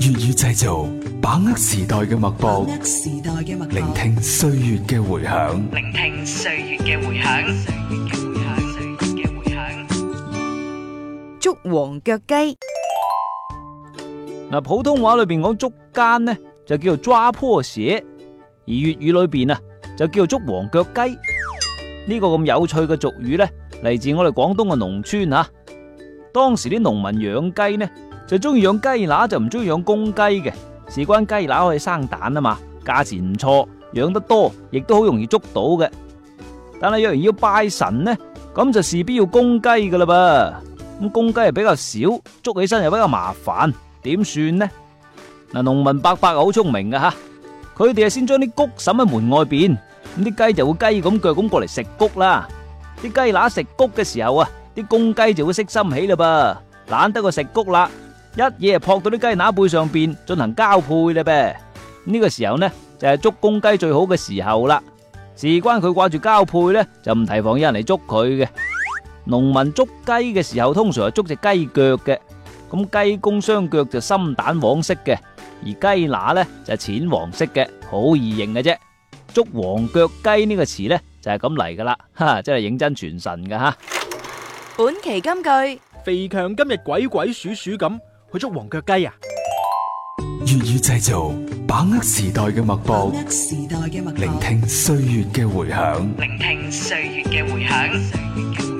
粵語製造，把握時代嘅脈搏，時代脈搏聆聽歲月嘅回響。聆聽歲月嘅回響，歲月嘅回響，歲月嘅回響。捉黃腳雞，嗱、啊，普通話裏邊講捉奸呢就叫做抓破鞋，而粵語裏邊啊，就叫做捉黃腳雞。呢、這個咁有趣嘅俗語咧，嚟自我哋廣東嘅農村啊。當時啲農民養雞呢就中意養雞乸，就唔中意養公雞嘅。事關雞乸可以生蛋啊嘛，價錢唔錯，養得多亦都好容易捉到嘅。但係若然要拜神呢，咁就事必要公雞噶啦噃。咁公雞又比較少，捉起身又比較麻煩，點算呢？嗱，農民伯伯好聰明㗎吓，佢哋係先將啲穀沈喺門外邊，咁啲雞就會雞咁腳咁過嚟食穀啦。啲雞乸食穀嘅時候啊，啲公雞就會色心起喇噃，懶得過食穀啦。一嘢啊，撲到啲雞乸背上邊，進行交配啦噃！呢個時候呢就係捉公雞最好嘅時候啦。事關佢掛住交配呢，就唔提防有人嚟捉佢嘅。農民捉雞嘅時候通常係捉隻雞腳嘅，咁雞公雙腳就深蛋黃色嘅，而雞乸呢就淺黃色嘅，好易認嘅啫。捉黃腳雞呢個詞呢就係咁嚟噶啦，吓真係認真傳神噶吓。本期金句：肥強今日鬼鬼祟祟咁。去捉黃腳雞啊！粵語製造，把握時代嘅脈搏，把握時代嘅脈搏，聆聽歲月嘅回響，聆聽歲月嘅回響。